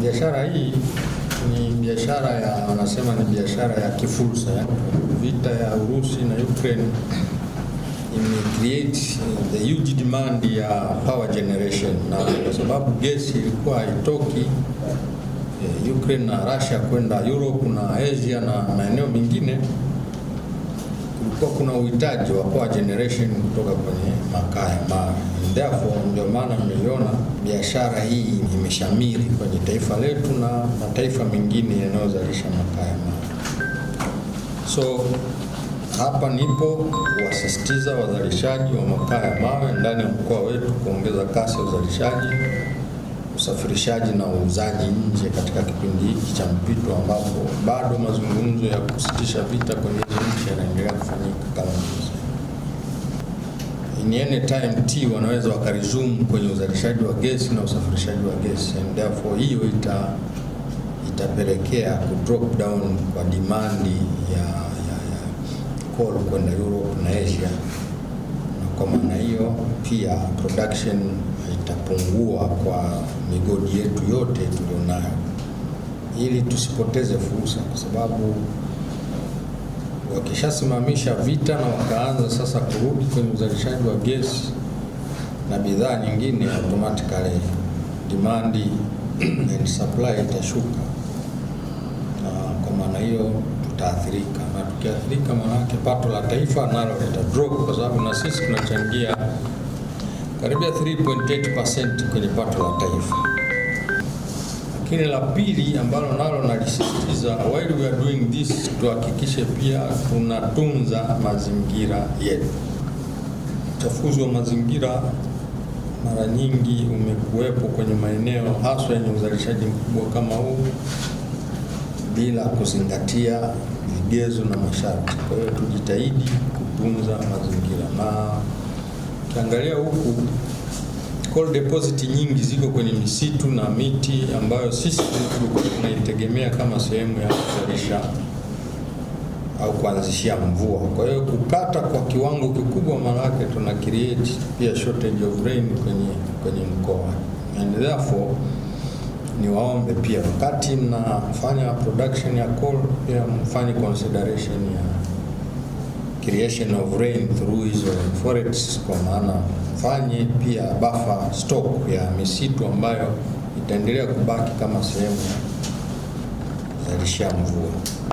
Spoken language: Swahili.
Biashara hii ni biashara ya wanasema ni biashara ya kifursa. Vita ya Urusi na Ukraine create the huge demand ya power generation, na kwa sababu gesi ilikuwa haitoki eh, Ukraine na Russia kwenda Europe na Asia na maeneo mengine kulikuwa kuna uhitaji wa power generation kutoka kwenye makaa ya mawe. Therefore, ndio maana mmeiona biashara hii imeshamiri kwenye taifa letu na mataifa mengine yanayozalisha makaa ya mawe. So hapa nipo kuwasisitiza wazalishaji wa makaa ya mawe ndani ya mkoa wetu kuongeza kasi ya uzalishaji usafirishaji na uuzaji nje katika kipindi hiki cha mpito ambapo bado mazungumzo ya kusitisha vita kwenye hizo nchi yanaendelea kufanyika kama in any time t wanaweza wakarizumu kwenye uzalishaji wa gesi na usafirishaji wa gesi and therefore hiyo ita itapelekea ku drop down kwa dimandi ya, ya, ya coal kwenda Europe na Asia. Kwa maana hiyo, pia production itapungua kwa migodi yetu yote tulionayo, ili tusipoteze fursa, kwa sababu wakishasimamisha vita na wakaanza sasa kurudi kwenye uzalishaji wa gesi na bidhaa nyingine, automatically demand and supply itashuka, na kwa maana hiyo tutaathirika, na tukiathirika, maanake pato la taifa nalo litadrop, kwa sababu na sisi tunachangia karibu 3.8% kwenye pato la taifa. Lakini la pili ambalo nalo nalisisitiza, while we are doing this, tuhakikishe pia tunatunza mazingira yetu. Uchafuzi wa mazingira mara nyingi umekuwepo kwenye maeneo haswa yenye uzalishaji mkubwa kama huu bila kuzingatia vigezo na masharti. Kwa hiyo tujitahidi kutunza mazingira, na ukiangalia huku coal deposit nyingi ziko kwenye misitu na miti ambayo sisi tulikuwa tunaitegemea kama sehemu ya kuzalisha au kuanzishia mvua. Kwa hiyo kukata kwa kiwango kikubwa, maana yake tuna create pia shortage of rain kwenye kwenye mkoa and therefore niwaombe pia wakati mnafanya production ya coal pia mfanye consideration ya creation of rain through hizo forests, kwa maana mfanye pia buffer stock ya misitu ambayo itaendelea kubaki kama sehemu ya kuzalishia mvua.